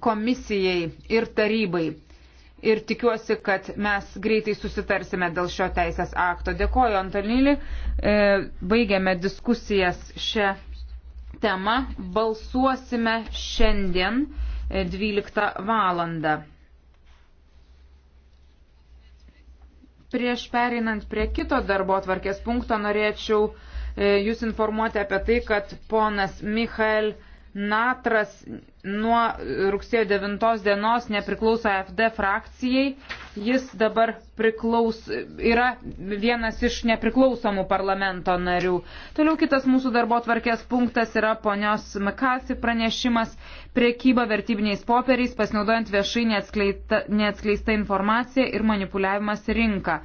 komisijai ir tarybai. Ir tikiuosi, kad mes greitai susitarsime dėl šio teisės akto. Dėkoju, Antonylį. E, baigiame diskusijas šią temą. Balsuosime šiandien 12 e, valandą. Prieš pereinant prie kito darbo atvarkės punkto norėčiau e, Jūs informuoti apie tai, kad ponas Michael Natras nuo rugsėjo 9 dienos nepriklauso AFD frakcijai. Jis dabar priklaus, yra vienas iš nepriklausomų parlamento narių. Toliau kitas mūsų darbo tvarkės punktas yra ponios Mikasi pranešimas priekyba vertybiniais popieriais, pasinaudojant viešai neatskleista, neatskleista informacija ir manipuliavimas rinka.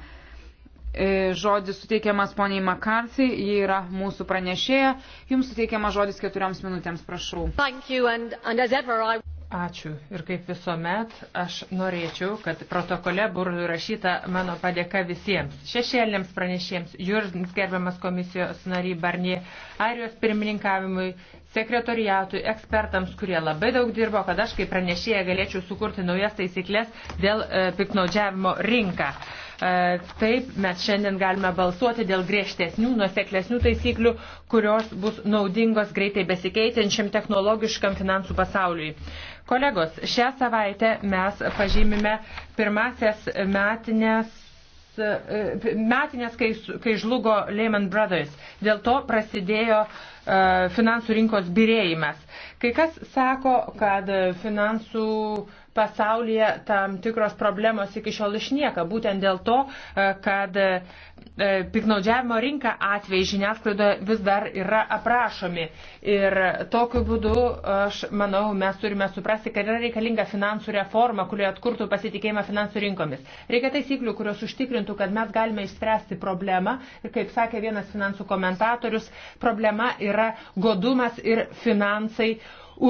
E, žodis suteikiamas poniai McCarthy, ji yra mūsų pranešėja. Jums suteikiamas žodis keturioms minutėms, prašau. And, and ever, I... Ačiū. Ir kaip visuomet, aš norėčiau, kad protokole būtų rašyta mano padėka visiems. Šešėlėms pranešėjams, jums gerbiamas komisijos nariai Barnie, Airijos pirmininkavimui, sekretoriatui, ekspertams, kurie labai daug dirbo, kad aš kaip pranešėja galėčiau sukurti naujas taisyklės dėl e, piknaudžiavimo rinką. E, E, taip, mes šiandien galime balsuoti dėl griežtesnių, nuoseklesnių taisyklių, kurios bus naudingos greitai besikeitinčiam technologiškam finansų pasauliui. Kolegos, šią savaitę mes pažymime pirmasias metinės e, metinės, kai, kai žlugo Lehman Brothers. Dėl to prasidėjo e, finansų rinkos birėjimas. Kai kas sako, kad finansų uh, pasaulyje tam tikros problemos iki šiol išnieka, būtent dėl to, e, kad e, E, piknaudžiavimo rinką atvejai žiniasklaidoje vis dar yra aprašomi. Ir tokiu būdu, aš manau, mes turime suprasti, kad yra reikalinga finansų reforma, kurie atkurtų pasitikėjimą finansų rinkomis. Reikia taisyklių, kurios užtikrintų, kad mes galime išspręsti problemą. Ir kaip sakė vienas finansų komentatorius, problema yra godumas ir finansai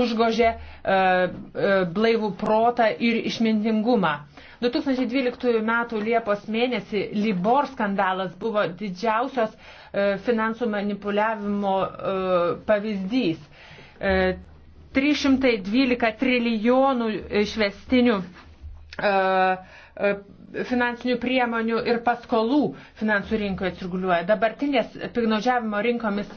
užgožė e, e, blaivų protą ir išmintingumą 2012 m. Liepos mėnesį Libor skandalas buvo didžiausios e, finansų manipuliavimo e, pavyzdys. 312 e, trilijonų išvestinių finansinių priemonių ir paskolų finansų rinkoje cirguliuoja. Dabartinės pignaudžiavimo rinkomis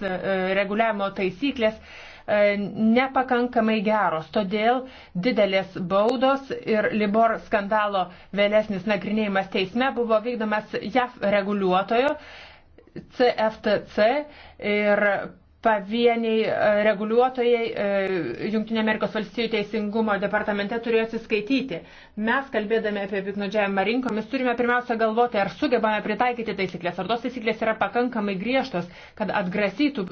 reguliavimo taisyklės E, nepakankamai geros, todėl didelės baudos ir Libor skandalo vėlesnis nagrinėjimas teisme buvo vykdomas JAF reguliuotojo CFTC ir pavieniai e, reguliuotojai e, Junktinė Amerikos valstijų teisingumo departamente turėjo atsiskaityti. Mes, kalbėdami apie piknodžiavimą rinkomis, turime pirmiausia galvoti, ar sugebame pritaikyti taisyklės, ar tos taisyklės yra pakankamai griežtos, kad atgrasytų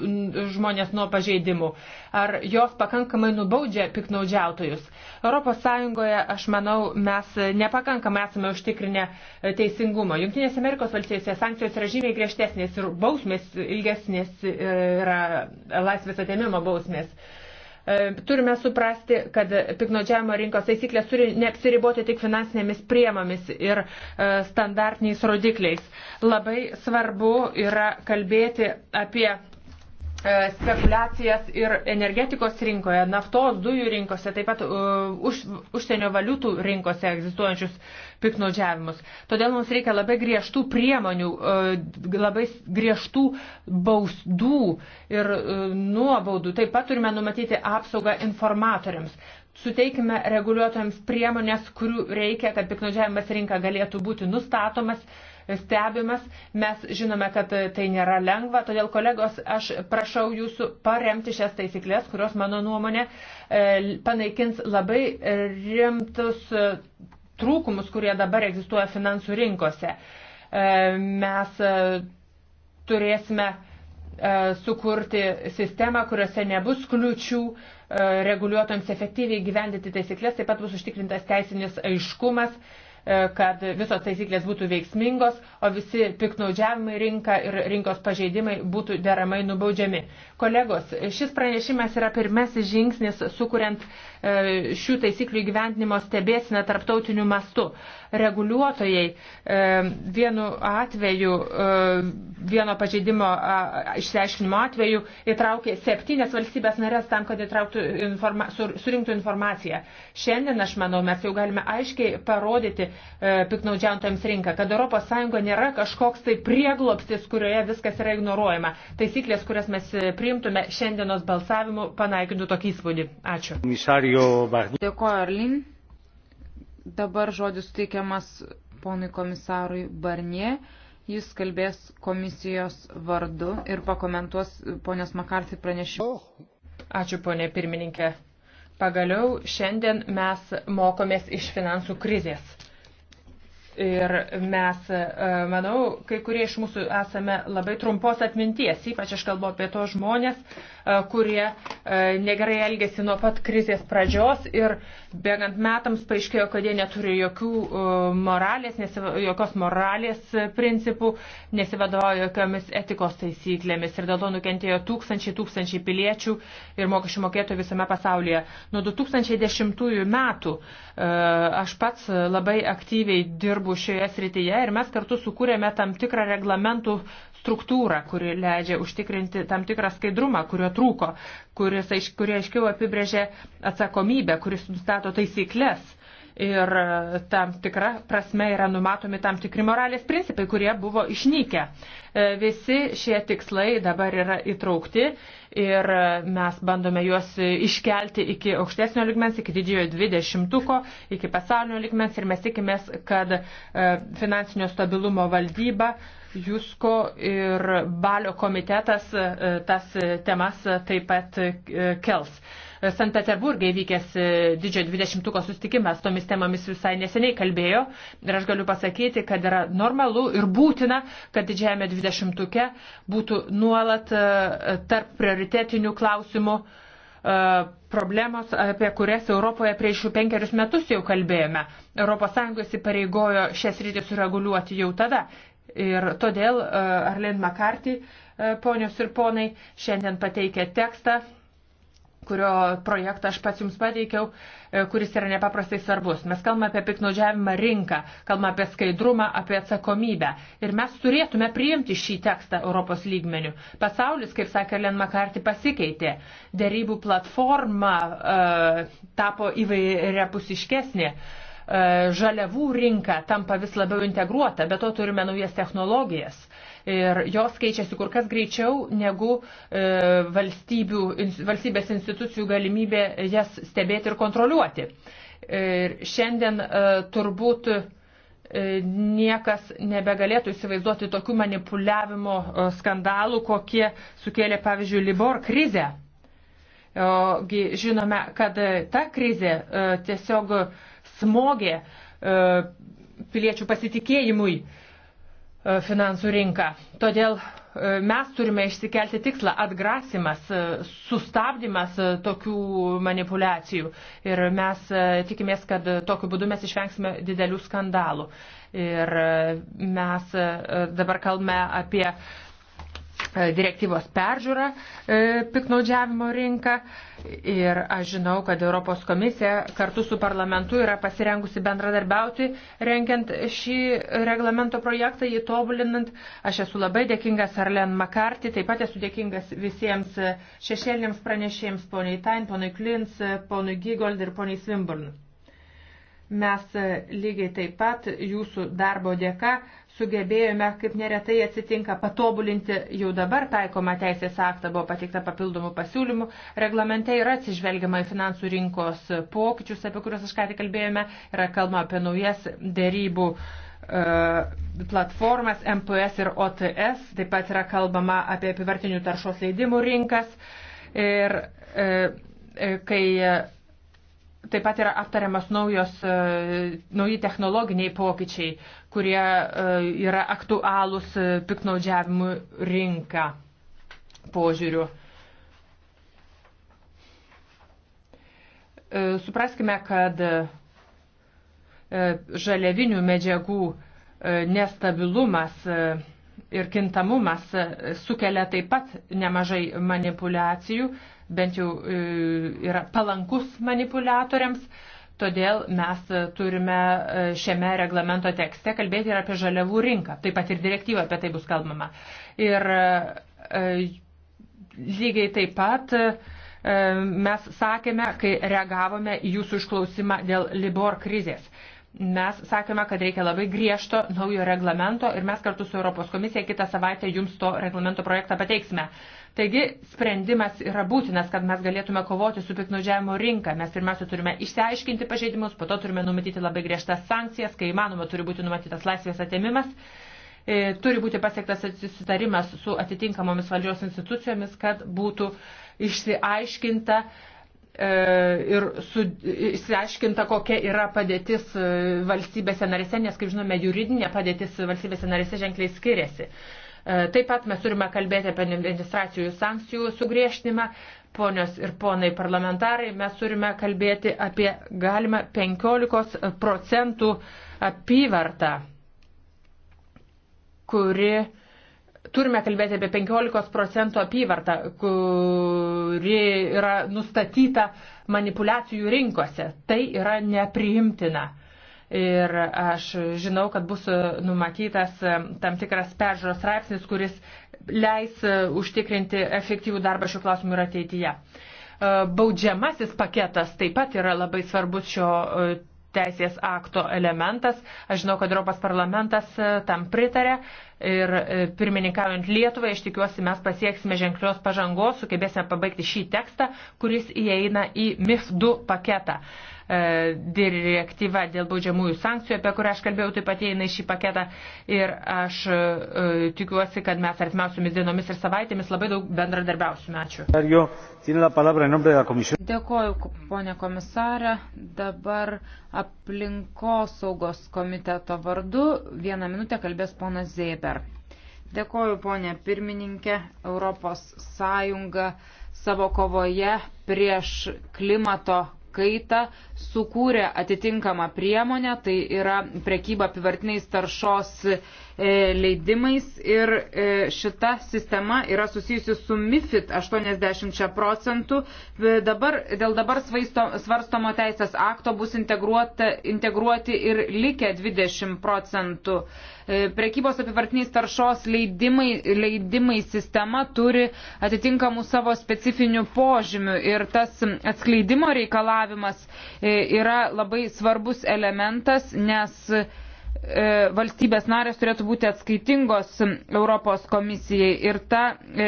žmonės nuo pažeidimų, ar jos pakankamai nubaudžia piknaudžiautojus. ES, aš manau, mes nepakankamai esame užtikrinę e, teisingumo. Junktinės Amerikos valstijose sankcijos yra žymiai griežtesnės ir bausmės ilgesnės yra laisvės atėmimo bausmės e, turime suprasti, kad piknaudžiavimo rinkos taisyklės turi neapsiriboti tik finansinėmis priemomis ir e, standartiniais rodikliais. Labai svarbu yra kalbėti apie E, spekulacijas ir energetikos rinkoje, naftos, dujų rinkose, taip pat uh, už, užsienio valiutų rinkose egzistuojančius piknaudžiavimus. Todėl mums reikia labai griežtų priemonių, uh, labai griežtų bausdų ir uh, nuobaudų. Taip pat turime numatyti apsaugą informatoriams. Suteikime reguliuotojams priemonės, kurių reikia, kad piknaudžiavimas rinka galėtų būti nustatomas. Uh, stebimas. Mes žinome, kad tai nėra lengva, todėl kolegos, aš prašau jūsų paremti šias taisyklės, kurios, mano nuomonė, e, panaikins labai rimtus e, trūkumus, kurie dabar egzistuoja finansų rinkose. E, mes turėsime sukurti sistemą, kuriuose nebus kliučių reguliuotojams efektyviai gyvendyti taisyklės, taip pat bus užtikrintas teisinis aiškumas E, kad visos taisyklės būtų veiksmingos, o visi piknaudžiavimai rinka ir rinkos pažeidimai būtų deramai nubaudžiami. Kolegos, šis pranešimas yra pirmasis žingsnis sukuriant E, šių taisyklių įgyvendinimo stebėsime tarptautiniu mastu. Reguliuotojai e, vienu atveju, e, vieno pažeidimo išsiaiškinimo atveju įtraukė septynės valstybės narės tam, kad informa surinktų informaciją. Šiandien, aš manau, mes jau galime aiškiai parodyti piknaudžiantojams rinką, kad ES nėra kažkoks tai prieglopstis, kurioje viskas yra ignoruojama. Taisyklės, kurias mes priimtume šiandienos balsavimu, panaikintų tokį įspūdį. Ačiū. Komisarį komisario Barnier. Dėkoju, Arlin. Dabar žodis suteikiamas ponui komisarui Barnier. Jis kalbės komisijos vardu ir pakomentuos ponios Makartį pranešimą. Ačiū, ponė pirmininkė. Pagaliau šiandien mes mokomės iš finansų krizės. Ir mes, e, manau, kai kurie iš mūsų esame labai trumpos atminties, ypač aš kalbu apie tos žmonės, e, kurie e, negerai elgėsi nuo pat krizės pradžios ir bėgant metams paaiškėjo, kad jie neturi jokių moralės, nesiva, jokios moralės principų, nesivadovauja jokiamis etikos taisyklėmis ir dėl to nukentėjo tūkstančiai, tūkstančiai piliečių ir mokesčių mokėtojų visame pasaulyje. Nuo 2010 metų aš pats labai aktyviai dirbu svarbu šioje srityje ir mes kartu sukūrėme tam tikrą reglamentų struktūrą, kuri leidžia užtikrinti tam tikrą skaidrumą, kurio trūko, kuris, kurie aiškiau apibrėžia atsakomybę, kuris nustato taisyklės ir e, tam tikra prasme yra numatomi tam tikri moralės principai, kurie buvo išnykę. E, visi šie tikslai dabar yra įtraukti ir e, mes bandome juos iškelti iki aukštesnio ligmens, iki didžiojo dvidešimtuko, iki pasaulinio ligmens ir mes tikimės, kad finansinio stabilumo valdyba, Jusko ir Balio komitetas tas temas taip pat kels. Sankt Peterburgė įvykęs e, didžiojo 20-ko sustikimas tomis temomis visai neseniai kalbėjo ir aš galiu pasakyti, kad yra normalu ir būtina, kad didžiajame 20-ke būtų nuolat e, tarp prioritetinių klausimų e, problemos, apie kurias Europoje prieš jau penkerius metus jau kalbėjome. ES įsipareigojo šias rytis sureguliuoti jau tada. Ir todėl Arlen McCarthy, ponios ir ponai, šiandien pateikė tekstą kurio projektą aš pats jums pateikiau, e, kuris yra nepaprastai svarbus. Mes kalbame apie piknaudžiavimą rinką, kalbame apie skaidrumą, apie atsakomybę. Ir mes turėtume priimti šį tekstą Europos lygmenių. Pasaulis, kaip sakė Len Makarti, pasikeitė. Dėrybų platforma uh, tapo įvairiapusiškesnė. Uh, E, žaliavų rinka tampa vis labiau integruota, bet to turime naujas technologijas. Ir jos keičiasi kur kas greičiau negu e, valstybės institucijų galimybė jas stebėti ir kontroliuoti. Ir šiandien e, turbūt niekas nebegalėtų įsivaizduoti tokių manipuliavimo skandalų, kokie sukėlė, pavyzdžiui, Libor krizę. Žinome, kad ta krizė tiesiog smogė e, piliečių pasitikėjimui e, finansų rinką. Todėl e, mes turime išsikelti tikslą atgrasimas, sustabdymas tokių manipulacijų. Ir mes tikimės, kad tokiu būdu mes išvengsime didelių skandalų. Ir mes dabar kalbame apie E, direktyvos peržiūrą e, piknaudžiavimo rinką ir aš žinau, kad Europos komisija kartu su parlamentu yra pasirengusi bendradarbiauti renkiant šį reglamento projektą, jį tobulinant. Aš esu labai dėkingas Arlen Makarti, taip pat esu dėkingas visiems šešėlėms pranešėjams, poniai Tain, poniai Klins, poniai Gigold ir poniai Svimburn. Mes e, lygiai taip pat jūsų darbo dėka sugebėjome, kaip neretai atsitinka, patobulinti jau dabar taikomą teisės aktą, buvo pateikta papildomų pasiūlymų. Reglamente yra atsižvelgiama į finansų rinkos pokyčius, apie kuriuos aš ką tik kalbėjome, yra kalbama apie naujas dėrybų e, platformas MPS ir OTS, taip pat yra kalbama apie apivartinių taršos leidimų rinkas ir e, kai Taip pat yra aptariamas naujos, e, nauji technologiniai pokyčiai, kurie e, yra aktualūs e, piknaudžiavimų rinką požiūriu. Supraskime, kad žaliavinių medžiagų nestabilumas ir kintamumas sukelia taip pat nemažai manipulacijų, bent jau e, yra palankus manipuliatoriams. Todėl mes turime e, šiame reglamento tekste kalbėti ir apie žaliavų rinką. Taip pat ir direktyva apie tai bus kalbama. Ir e, lygiai taip pat mes sakėme, kai reagavome į jūsų išklausimą dėl Libor krizės. Mes sakėme, kad reikia labai griežto naujo reglamento ir mes kartu su Europos komisija kitą savaitę jums to reglamento projektą pateiksime. Uh, Taigi sprendimas yra būtinas, kad mes galėtume kovoti su piknaudžiavimo rinka. Mes pirmiausia turime išsiaiškinti pažeidimus, po to turime numatyti labai griežtas sankcijas, kai įmanoma turi būti numatytas laisvės atėmimas. E, turi būti pasiektas susitarimas su atitinkamomis valdžios institucijomis, kad būtų išsiaiškinta e, ir su, išsiaiškinta, kokia yra padėtis e, valstybėse narėse, nes, kaip žinome, juridinė padėtis valstybėse narėse ženkliai skiriasi. E, taip pat mes turime kalbėti apie administracijų sankcijų sugriežtinimą. Ponios ir ponai parlamentarai, mes turime kalbėti apie galimą 15 procentų apyvartą, kuri. Turime kalbėti apie 15 procentų apyvartą, kuri yra nustatyta manipulacijų rinkose. Tai yra nepriimtina. Ir aš žinau, kad bus numatytas e, tam tikras peržiūros straipsnis, kuris leis e, užtikrinti efektyvų darbą šiuo klausimu ir ateityje. E, baudžiamasis paketas taip pat yra labai svarbus šio teisės akto elementas. Aš žinau, kad Europos parlamentas tam pritarė ir e, pirmininkaujant Lietuvai, aš tikiuosi, mes pasieksime ženklios pažangos, sugebėsime pabaigti šį tekstą, kuris įeina į MIF 2 paketą. E, direktyva dėl baudžiamųjų sankcijų, apie kurią aš kalbėjau, taip pat įeina į šį paketą ir aš e, tikiuosi, kad mes artimiausiomis dienomis ir savaitėmis labai daug bendradarbiausime. Ačiū. Dėkoju, ponė komisarė. Dabar aplinkosaugos komiteto vardu vieną minutę kalbės ponas Zėbė. Weber. Dėkoju, ponė pirmininkė, Europos Sąjunga savo kovoje prieš klimato kaitą sukūrė atitinkamą priemonę, tai yra prekyba apivartiniais taršos E, leidimais ir e, šita sistema yra susijusi su MIFID 80 procentų. E, dabar, dėl dabar svaisto, svarstomo teisės akto bus integruoti ir likę 20 procentų. Prekybos apivartiniais taršos leidimai, leidimai sistema turi atitinkamų savo specifinių požymių ir tas atskleidimo reikalavimas yra labai svarbus elementas, nes E, valstybės narės turėtų būti atskaitingos Europos komisijai ir ta e,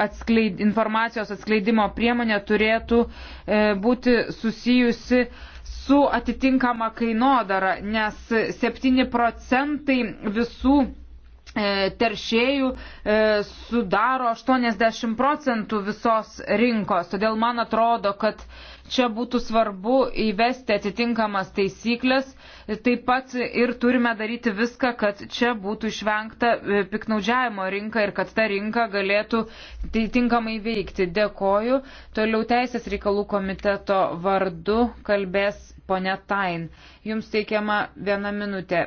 atskleid, informacijos atskleidimo priemonė turėtų e, būti susijusi su atitinkama kainodara, nes 7 procentai visų teršėjų sudaro 80 procentų visos rinkos. Todėl man atrodo, kad Čia būtų svarbu įvesti atitinkamas taisyklės. Taip pat ir turime daryti viską, kad čia būtų išvengta e, piknaudžiavimo rinka ir kad ta rinka galėtų tai tinkamai veikti. Dėkoju. Toliau Teisės reikalų komiteto vardu kalbės Pone Tain, jums teikiama viena minutė.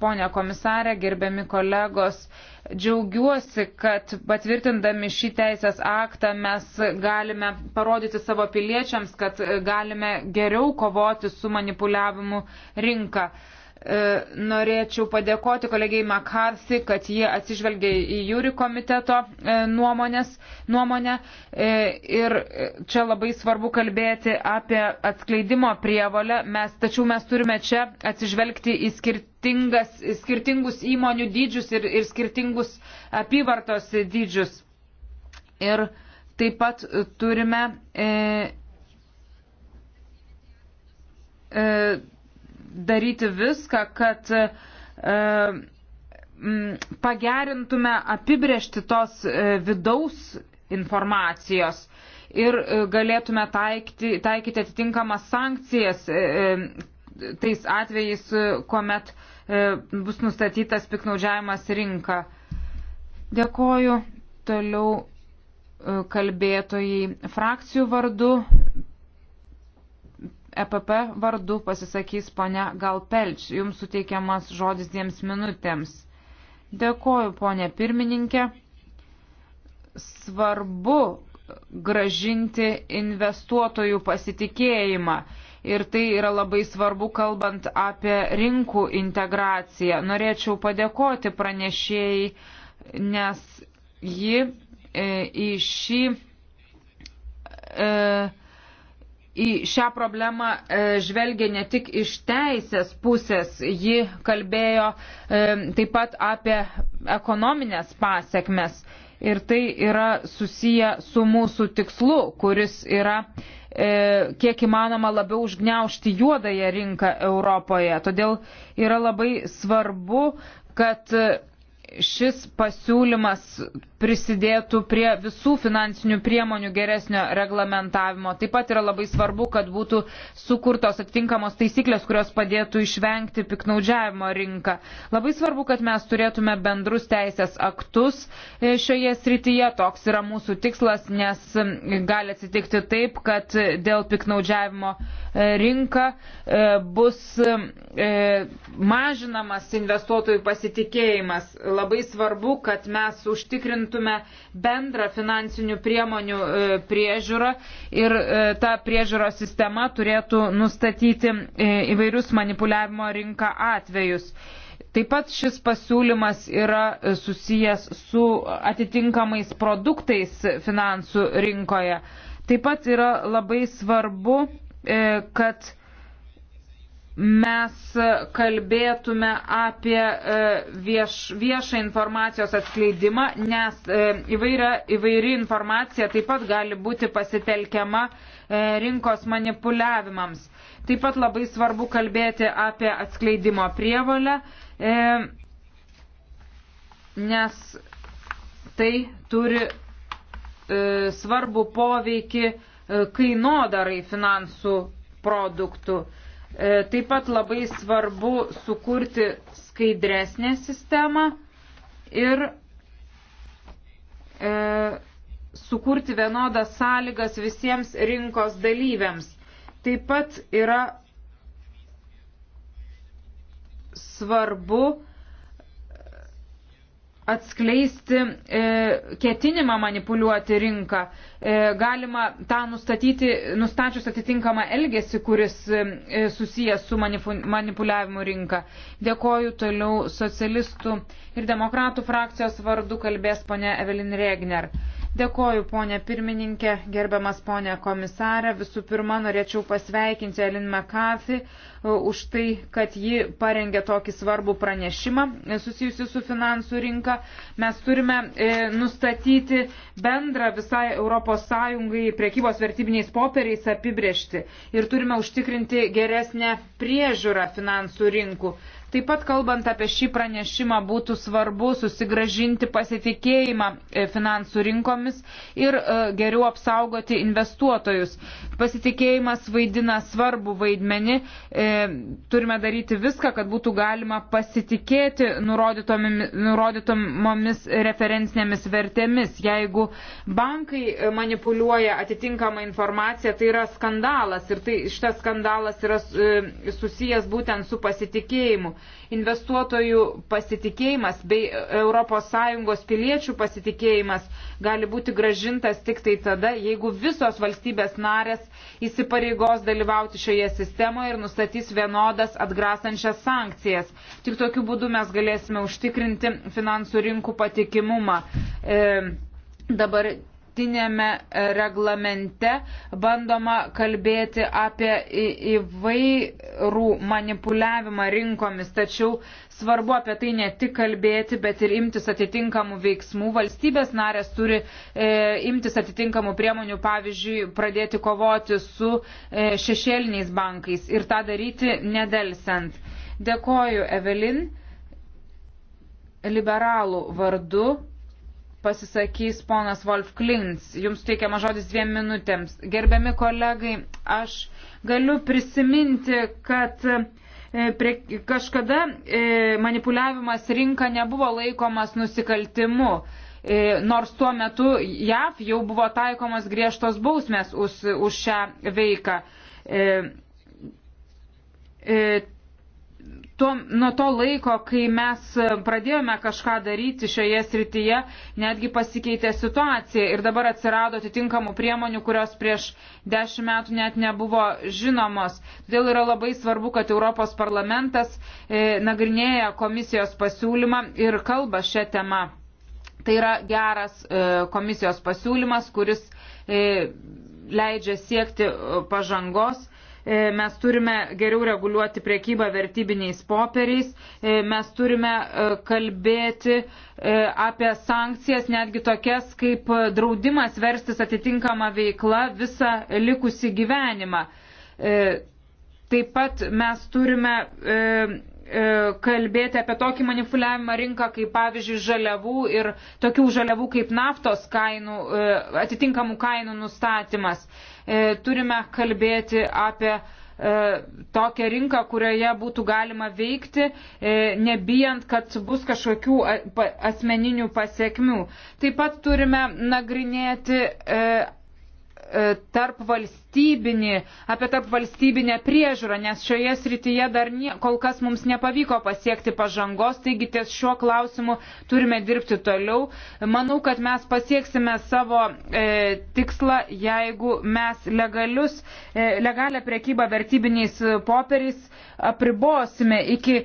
Pone komisarė, gerbiami kolegos, Džiaugiuosi, kad patvirtindami šį teisės aktą mes galime parodyti savo piliečiams, kad galime geriau kovoti su manipuliavimu rinka. E, norėčiau padėkoti kolegijai Makarsi, kad jie atsižvelgia į jūri komiteto e, nuomonės, nuomonę. E, ir čia labai svarbu kalbėti apie atskleidimo prievalę. Mes, tačiau mes turime čia atsižvelgti į skirtingus įmonių dydžius ir, ir skirtingus apyvartos dydžius. Ir taip pat turime. E, e, daryti viską, kad e, pagerintume apibrėžti tos e, vidaus informacijos ir e, galėtume taikti, taikyti atitinkamas sankcijas e, e tais atvejais, e, kuomet e, bus nustatytas piknaudžiavimas rinka. Dėkoju. Toliau e, kalbėtojai frakcijų vardu. EPP vardu pasisakys ponia Galpelč. Jums suteikiamas žodis dviems minutėms. Dėkoju, ponė pirmininkė. Svarbu gražinti investuotojų pasitikėjimą. Ir tai yra labai svarbu, kalbant apie rinkų integraciją. Norėčiau padėkoti pranešėjai, nes ji e, į šį e, į šią problemą e, žvelgia ne tik iš teisės pusės, ji kalbėjo e, taip pat apie ekonominės pasiekmes. Ir tai yra susiję su mūsų tikslu, kuris yra e, kiek įmanoma labiau užgneušti juodąją rinką Europoje. Todėl yra labai svarbu, kad šis pasiūlymas prisidėtų prie visų finansinių priemonių geresnio reglamentavimo. Taip pat yra labai svarbu, kad būtų sukurtos atitinkamos taisyklės, kurios padėtų išvengti piknaudžiavimo rinką. Labai svarbu, kad mes turėtume bendrus teisės aktus e, šioje srityje. Toks yra mūsų tikslas, nes e, gali atsitikti taip, kad dėl piknaudžiavimo e, rinka bus mažinamas investuotojų pasitikėjimas labai svarbu, kad mes užtikrintume bendrą finansinių priemonių e, priežiūrą ir e, ta priežiūros sistema turėtų nustatyti e, įvairius manipuliavimo rinką atvejus. Taip pat šis pasiūlymas yra susijęs su atitinkamais produktais finansų rinkoje. Taip pat yra labai svarbu, kad mes kalbėtume apie e, vieš, viešą informacijos atskleidimą, nes e, įvairia, įvairi informacija taip pat gali būti pasitelkiama e, rinkos manipuliavimams. Taip pat labai svarbu kalbėti apie atskleidimo prievalę, nes tai turi svarbu poveikį kainodarai finansų produktų. E, taip pat labai svarbu sukurti skaidresnę sistemą ir e, sukurti vienodas sąlygas visiems rinkos dalyviams. Taip pat yra svarbu atskleisti e, ketinimą manipuliuoti rinką. E, galima tą nustatyti, nustačius atitinkamą elgesį, kuris e, e susijęs su manipuliavimu rinka. Dėkoju toliau socialistų ir demokratų frakcijos vardu kalbės ponė Evelin Regner. Dėkoju, ponė pirmininkė, gerbiamas ponė komisarė. Visų pirma, norėčiau pasveikinti Elin McCarthy e, už tai, kad ji parengė tokį svarbų pranešimą susijusi su finansų rinka. Mes turime e, nustatyti bendrą visai ES priekybos vertybiniais popieriais apibriežti ir turime užtikrinti geresnę priežiūrą finansų rinkų. Taip pat kalbant apie šį pranešimą būtų svarbu susigražinti pasitikėjimą e, finansų rinkomis ir e, geriau apsaugoti investuotojus. Pasitikėjimas vaidina svarbų vaidmenį. E, turime daryti viską, kad būtų galima pasitikėti nurodytomomis referencinėmis vertėmis. Jeigu bankai manipuliuoja atitinkamą informaciją, tai yra skandalas ir tai, šitas skandalas yra susijęs būtent su pasitikėjimu. Investuotojų pasitikėjimas bei ES piliečių pasitikėjimas gali būti gražintas tik tai tada, jeigu visos valstybės narės įsipareigos dalyvauti šioje sistemoje ir nustatys vienodas atgrasančias sankcijas. Tik tokiu būdu mes galėsime užtikrinti finansų rinkų patikimumą. E, dabar dabartinėme e, reglamente bandoma kalbėti apie įvairų manipuliavimą rinkomis, tačiau svarbu apie tai ne tik kalbėti, bet ir imtis atitinkamų veiksmų. Valstybės narės turi e, imtis atitinkamų priemonių, pavyzdžiui, pradėti kovoti su e, šešėliniais bankais ir tą daryti nedelsiant. Dėkoju, Evelin liberalų vardu pasisakys ponas Wolf Klins. Jums teikiama žodis dviem minutėms. Gerbiami kolegai, aš galiu prisiminti, kad e, prie, kažkada e, manipuliavimas rinka nebuvo laikomas nusikaltimu. E, nors tuo metu JAV jau buvo taikomas griežtos bausmės už, už šią veiką tuo, nuo to laiko, kai mes pradėjome kažką daryti šioje srityje, netgi pasikeitė situacija ir dabar atsirado atitinkamų priemonių, kurios prieš dešimt metų net nebuvo žinomos. Todėl yra labai svarbu, kad Europos parlamentas e, nagrinėja komisijos pasiūlymą ir kalba šią temą. Tai yra geras e, komisijos pasiūlymas, kuris e, leidžia siekti e, pažangos E, mes turime geriau reguliuoti priekybą vertybiniais popieriais, e, mes turime e, kalbėti apie sankcijas, netgi tokias kaip draudimas verstis atitinkamą veiklą visą likusį gyvenimą. Taip pat mes turime E, kalbėti apie tokį manipuliavimą rinką, kaip pavyzdžiui žaliavų ir tokių žaliavų kaip naftos kainų, e, atitinkamų kainų nustatymas. E, turime kalbėti apie tokią rinką, kurioje būtų galima veikti, nebijant, kad bus kažkokių asmeninių pasiekmių. Taip pat turime nagrinėti E, tarp valstybinį, apie tarp valstybinę priežiūrą, nes šioje srityje dar nie, kol kas mums nepavyko pasiekti pažangos, taigi ties šiuo klausimu turime dirbti toliau. Manau, kad mes pasieksime savo e, tikslą, jeigu mes legalius, e, legalią prekybą vertybiniais popieriais apribosime iki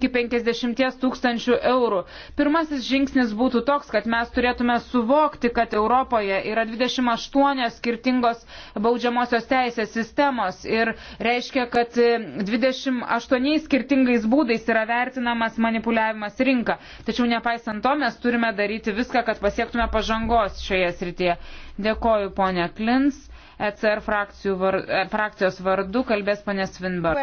iki 50 tūkstančių eurų. Pirmasis žingsnis būtų toks, kad mes turėtume suvokti, kad Europoje yra 28 skirtingos baudžiamosios teisės sistemos ir reiškia, kad 28 e, skirtingais būdais yra vertinamas manipuliavimas rinka. Tačiau nepaisant to, mes turime daryti viską, kad pasiektume pažangos šioje srityje. Dėkoju, ponia Klins. ECR var, e, frakcijos vardu kalbės ponė Svinbar.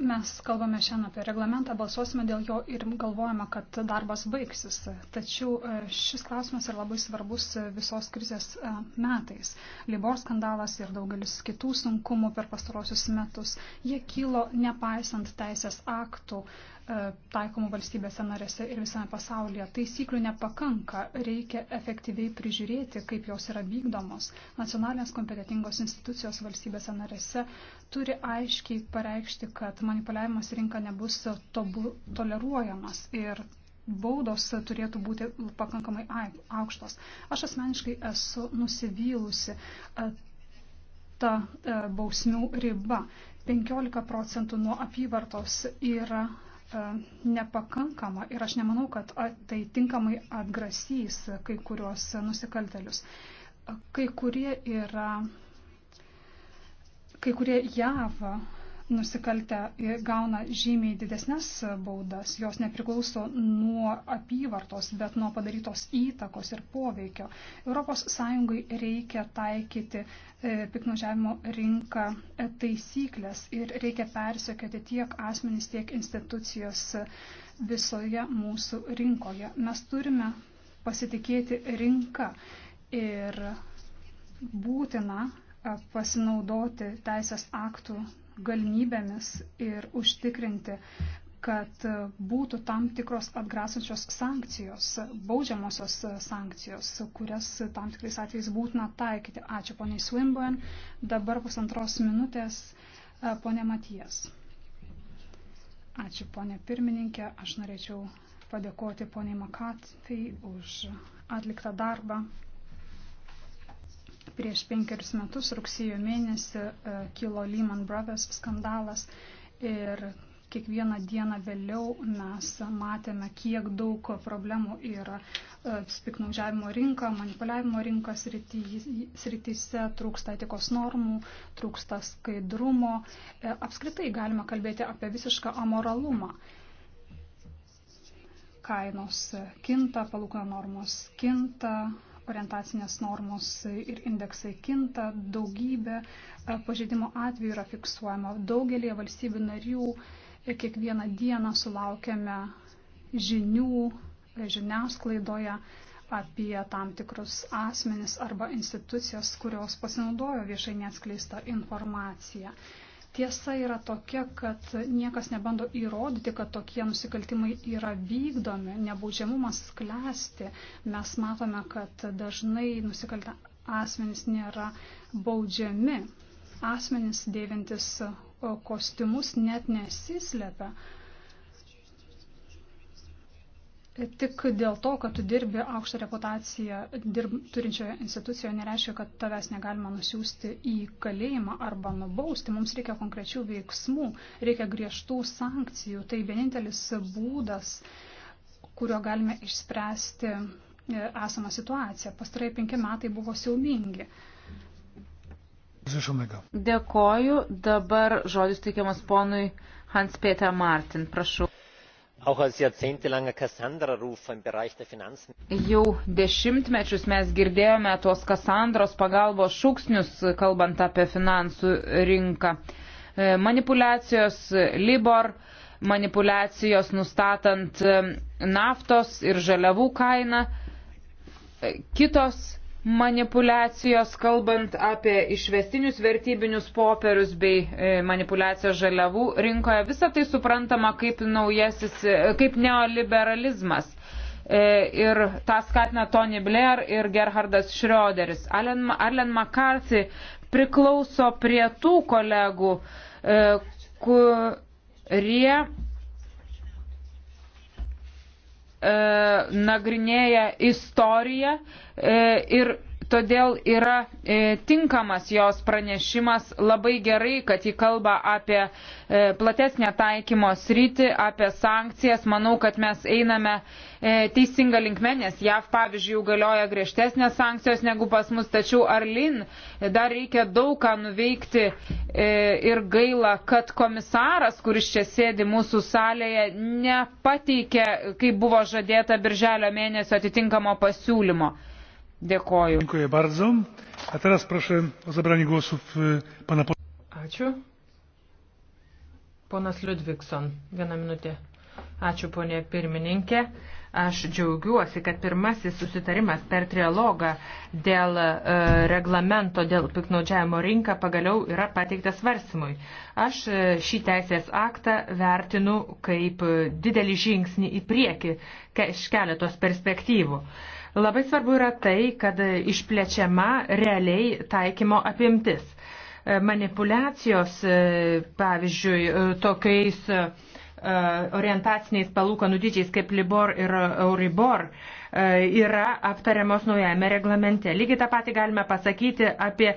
Mes kalbame šiandien apie reglamentą, balsuosime dėl jo ir galvojame, kad darbas baigsis. Tačiau e, šis klausimas yra labai svarbus e, visos krizės e, metais. Libor skandalas ir daugelis kitų sunkumų per pastarosius metus. Jie kilo nepaisant teisės aktų taikomų valstybėse narėse ir visame pasaulyje. Taisyklių nepakanka, reikia efektyviai prižiūrėti, kaip jos yra vykdomos. Nacionalinės kompetitingos institucijos valstybėse narėse turi aiškiai pareikšti, kad manipuliavimas rinka nebus tobu, toleruojamas ir baudos turėtų būti pakankamai aukštos. Aš asmeniškai esu nusivylusi e, ta e, bausmių riba. 15 procentų nuo apyvartos yra e, nepakankama ir aš nemanau, kad tai tinkamai atgrasys kai kuriuos nusikaltelius. Kai kurie yra, kai kurie JAV nusikaltę gauna žymiai didesnės baudas, jos nepriklauso nuo apyvartos, bet nuo padarytos įtakos ir poveikio. ES reikia taikyti e, piknožiavimo rinką e, taisyklės ir reikia persekioti tiek asmenys, tiek institucijos visoje mūsų rinkoje. Mes turime pasitikėti rinką ir būtina e, pasinaudoti teisės aktų galimybėmis ir užtikrinti, kad būtų tam tikros atgrasančios sankcijos, baudžiamosios sankcijos, kurias tam tikrais atvejais būtina taikyti. Ačiū poniai Swinburne. Dabar pusantros minutės e, ponė Matijas. Ačiū ponė pirmininkė. Aš norėčiau padėkoti poniai Makatfei už atliktą darbą. Prieš penkerius metus rugsėjo mėnesį e, kilo Lehman Brothers skandalas ir kiekvieną dieną vėliau mes matėme, kiek daug problemų yra e, spiknaudžiavimo rinka, manipuliavimo rinkos srityse, trūksta etikos normų, trūksta skaidrumo. E, apskritai galima kalbėti apie visišką amoralumą. Kainos kinta, palūkanų normos kinta, orientacinės normos ir indeksai kinta, daugybė e, pažeidimo atvejų yra fiksuojama. Daugelie valstybių narių e, kiekvieną dieną sulaukiame žinių e, žiniasklaidoje apie tam tikrus asmenis arba institucijas, kurios pasinaudojo viešai neatskleista informacija. Tiesa yra tokia, kad niekas nebando įrodyti, kad tokie nusikaltimai yra vykdomi, nebaudžiamumas klesti. Mes matome, kad dažnai nusikaltę asmenys nėra baudžiami. Asmenys dėvintis kostiumus net nesislepia tik dėl to, kad tu dirbi aukštą reputaciją dirb, turinčioje institucijoje, nereiškia, kad tavęs negalima nusiųsti į kalėjimą arba nubausti. Mums reikia konkrečių veiksmų, reikia griežtų sankcijų. Tai vienintelis būdas, kuriuo galime išspręsti e, esamą situaciją. Pastarai penki metai buvo siaubingi. Dėkoju. Dabar žodis teikiamas ponui Hans Peter Martin. Prašau. Jau dešimtmečius mes girdėjome tuos Kasandros pagalbos šūksnius, kalbant apie finansų rinką. E, manipulacijos Libor, manipulacijos nustatant e, naftos ir žaliavų kainą, e, kitos manipulacijos, kalbant apie išvestinius vertybinius popierius bei e, manipulacijos žaliavų rinkoje. Visą tai suprantama kaip, naujasis, e, kaip neoliberalizmas. E, ir tą skatina Tony Blair ir Gerhardas Schröderis. Arlen McCarthy priklauso prie tų kolegų, kurie E, nagrinėja istoriją e, ir todėl yra e, tinkamas jos pranešimas. Labai gerai, kad jį kalba apie e, platesnę taikymo sritį, apie sankcijas. Manau, kad mes einame e, teisinga linkme, nes JAV, pavyzdžiui, jau galioja griežtesnės sankcijos negu pas mus, tačiau Arlin dar reikia daug ką nuveikti e, ir gaila, kad komisaras, kuris čia sėdi mūsų salėje, nepateikė, kaip buvo žadėta birželio mėnesio atitinkamo pasiūlymo. Dėkoju. Ačiū. Ponas Liudvikson, vieną minutę. Ačiū, ponė pirmininkė. Aš džiaugiuosi, kad pirmasis susitarimas per trialogą dėl e, reglamento dėl piknaudžiavimo rinką pagaliau yra pateiktas svarstymui. Aš e, šį teisės aktą vertinu kaip e, didelį žingsnį į priekį iš keletos perspektyvų. E, Labai svarbu yra tai, kad išplečiama realiai taikymo apimtis. E, manipulacijos, e, pavyzdžiui, e, tokiais orientaciniais palūkanų dydžiais kaip Libor ir Euribor yra aptariamos naujame reglamente. Lygiai tą patį galime pasakyti apie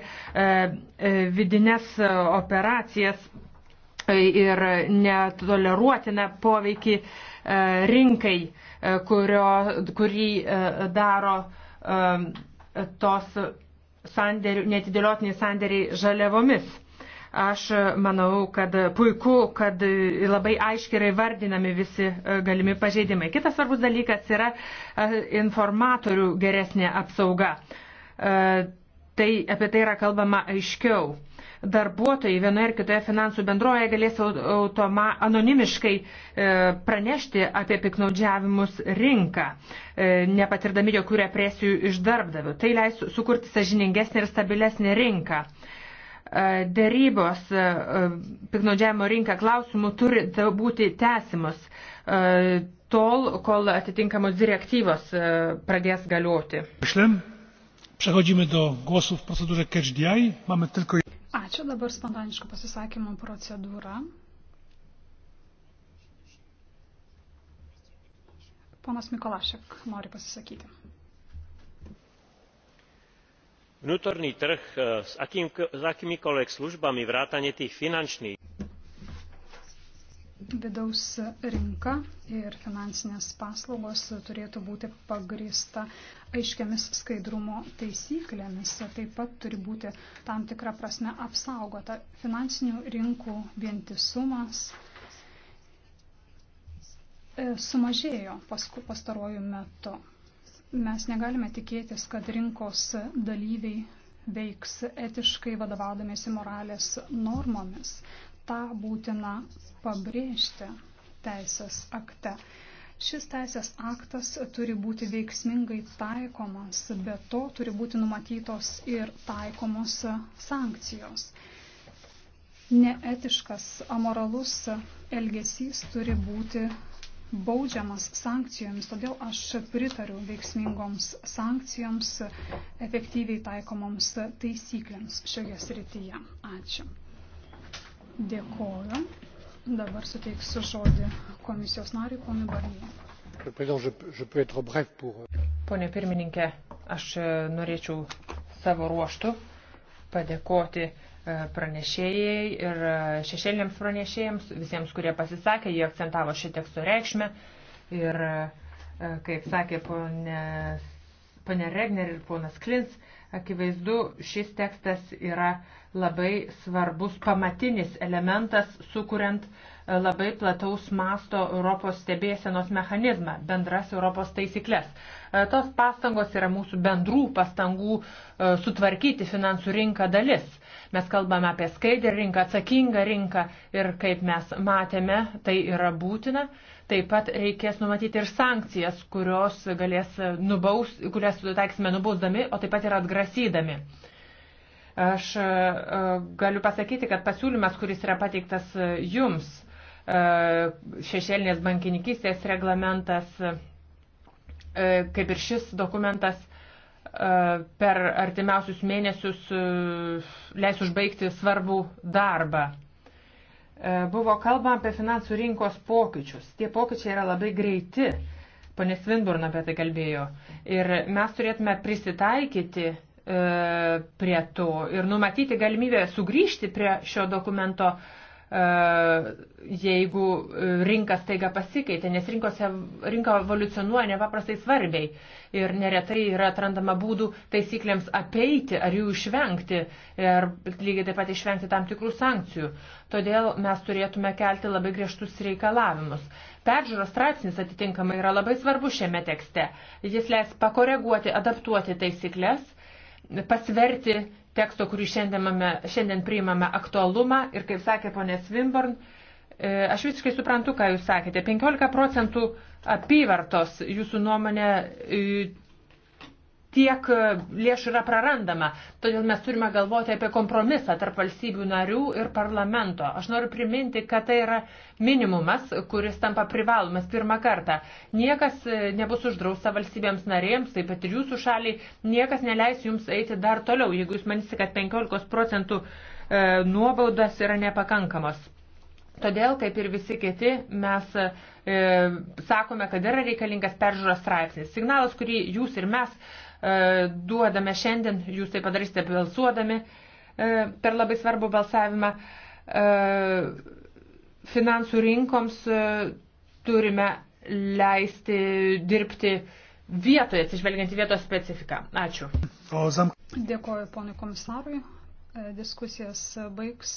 vidinės operacijas ir netoleruotiną poveikį E, rinkai, e, kurio, kurį e, daro tos sandėrių, netidėliotiniai sandėriai žaliavomis. Aš manau, kad puiku, kad labai aiškiai yra įvardinami visi galimi pažeidimai. Kitas svarbus dalykas yra informatorių geresnė apsauga. Tai apie tai yra kalbama aiškiau darbuotojai vienoje ar kitoje finansų bendroje galės automa, anonimiškai e, pranešti apie piknaudžiavimus rinką, e, nepatirdami jokių represijų iš darbdavių. Tai leis sukurti sažiningesnį ir stabilesnį rinką. E, dėrybos piknaudžiavimo rinką klausimų turi būti tęsimus tol, kol atitinkamos direktyvos pradės galioti. Przechodzimy do głosów w procedurze catch the eye. Mamy tylko Ačiū dabar spontaniškų pasisakymų procedūra. Ponas Mikolašek nori pasisakyti. Vnútorný trh eh, s, akým, s akýmikoľvek službami vrátane tých finančných Vidaus rinka ir finansinės paslaugos turėtų būti pagrįsta aiškiamis skaidrumo taisyklėmis. Taip pat turi būti tam tikrą prasme apsaugota finansinių rinkų vientisumas e, sumažėjo pastaruoju metu. Mes negalime tikėtis, kad rinkos dalyviai veiks etiškai vadovaudamėsi moralės normomis tą būtina pabrėžti teisės akte. Šis teisės aktas turi būti veiksmingai taikomas, bet to turi būti numatytos ir taikomos sankcijos. Neetiškas, amoralus elgesys turi būti baudžiamas sankcijomis, todėl aš pritariu veiksmingoms sankcijoms, efektyviai taikomoms taisyklėms šioje srityje. Ačiū. Dėkoju. Dabar suteiksiu žodį komisijos nariui, ponui Barnijai. Euh, Pone pirmininkė, aš e, norėčiau savo ruoštų padėkoti e, pranešėjai ir e, šešėliniams pranešėjams, visiems, kurie pasisakė, jie akcentavo šį teksto reikšmę ir, kaip sakė ponės pane Regner ir ponas Klins, akivaizdu, šis tekstas yra labai svarbus pamatinis elementas, sukuriant uh, labai plataus masto Europos stebėsenos mechanizmą, bendras Europos taisyklės. E, tos pastangos yra mūsų bendrų pastangų e, sutvarkyti finansų rinką dalis. Mes kalbame apie skaidrę rinką, atsakingą rinką ir kaip mes matėme, tai yra būtina. Taip pat reikės numatyti ir sankcijas, kurios galės nubaus, kurias taiksime nubausdami, o taip pat ir atgrasydami. Aš e, galiu pasakyti, kad pasiūlymas, kuris yra pateiktas jums, E, šešėlinės bankininkystės reglamentas, e, kaip ir šis dokumentas, e, per artimiausius mėnesius leis užbaigti svarbų darbą. Buvo kalbama apie finansų rinkos pokyčius. Tie pokyčiai yra labai greiti. Pane Svinburn apie tai kalbėjo. Ir mes turėtume prisitaikyti prie to ir numatyti galimybę sugrįžti prie šio dokumento uh, E, jeigu rinkas taiga pasikeitė, nes rinkose, rinka evoliucionuoja nepaprastai svarbiai ir neretai yra atrandama būdų taisyklėms apeiti ar jų išvengti ir lygiai taip pat išvengti tam tikrų sankcijų. Todėl mes turėtume kelti labai griežtus reikalavimus. Peržiūros straipsnis atitinkamai yra labai svarbus šiame tekste. Jis leis pakoreguoti, adaptuoti taisyklės pasverti teksto, kurį šiandien, šiandien priimame aktualumą ir, kaip sakė ponė Svimborn, e, aš visiškai suprantu, ką jūs sakėte. 15 procentų apyvartos jūsų nuomonė e, tiek e, lėšų yra prarandama. Todėl mes turime galvoti apie kompromisą tarp valstybių narių ir parlamento. Aš noriu priminti, kad tai yra minimumas, kuris tampa privalomas pirmą kartą. Niekas e, nebus uždrausta valstybėms narėms, taip pat ir jūsų šaliai, niekas neleis jums eiti dar toliau, jeigu jūs manysite, kad 15 procentų e, nuobaudas yra nepakankamos. Todėl, kaip ir visi kiti, mes e, sakome, kad yra reikalingas peržiūros straipsnis. Signalas, kurį jūs ir mes E, duodame šiandien, jūs tai padarysite balsuodami e, per labai svarbų balsavimą. E, finansų rinkoms turime leisti dirbti vietoje, atsižvelgiant į vietos specifiką. Ačiū. Dėkoju ponui komisarui. Diskusijas baigs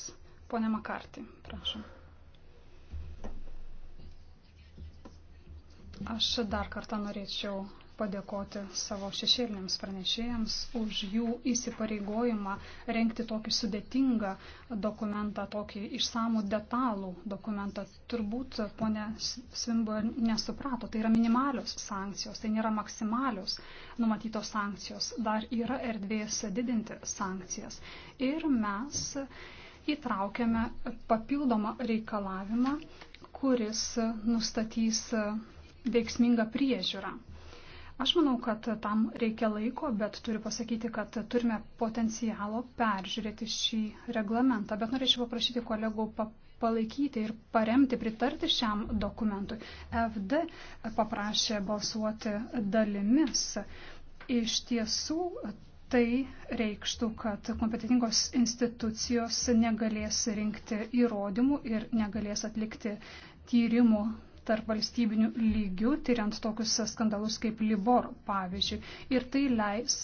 ponė Makartį. Prašom. Aš dar kartą norėčiau padėkoti savo šešėliniams pranešėjams už jų įsipareigojimą renkti tokį sudėtingą dokumentą, tokį išsamų detalų dokumentą. Turbūt ponė Svimbo nesuprato, tai yra minimalios sankcijos, tai nėra maksimalios numatytos sankcijos, dar yra erdvės didinti sankcijas. Ir mes įtraukiame papildomą reikalavimą, kuris nustatys veiksmingą priežiūrą. Aš manau, kad tam reikia laiko, bet turiu pasakyti, kad turime potencialo peržiūrėti šį reglamentą. Bet norėčiau paprašyti kolegų palaikyti ir paremti, pritarti šiam dokumentui. FD paprašė balsuoti dalimis. Iš tiesų, tai reikštų, kad kompetitingos institucijos negalės rinkti įrodymų ir negalės atlikti tyrimų tarp valstybinių lygių, tyriant tokius skandalus kaip Libor, pavyzdžiui. Ir tai leis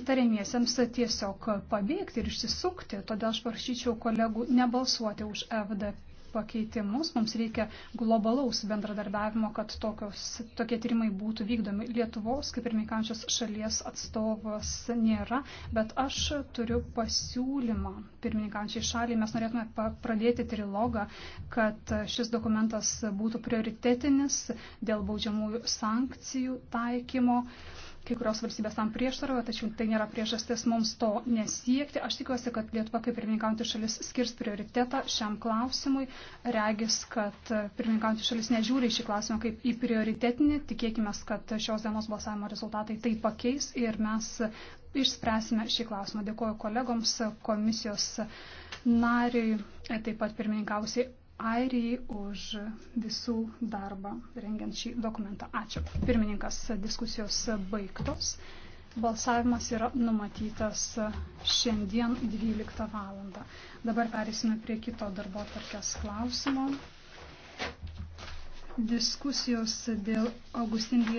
įtariamiesiems tiesiog pabėgti ir išsisukti. Todėl aš prašyčiau kolegų nebalsuoti už FDP pakeitimus. Mums reikia globalaus bendradarbiavimo, kad tokios, tokie tyrimai būtų vykdomi. Lietuvos, kaip ir meikančios šalies atstovas, nėra, bet aš turiu pasiūlymą pirmininkančiai šaliai. Mes norėtume pradėti trilogą, kad šis dokumentas būtų prioritetinis dėl baudžiamųjų sankcijų taikymo. Kai kurios valstybės tam prieštarauja, tačiau tai nėra priežastis mums to nesiekti. Aš tikiuosi, kad Lietuva kaip pirmininkaujantis šalis skirs prioritetą šiam klausimui. Regis, kad pirmininkaujantis šalis nežiūri šį klausimą kaip į prioritetinį. Tikėkime, kad šios dienos balsavimo rezultatai tai pakeis ir mes išspręsime šį klausimą. Dėkuoju kolegoms, komisijos nariui, taip pat pirmininkausiai Airijai už visų darbą rengiant šį dokumentą. Ačiū. Pirmininkas diskusijos baigtos. Balsavimas yra numatytas šiandien 12 val. Dabar perėsime prie kito darbo tarkės klausimo. Diskusijos dėl Augustindijos.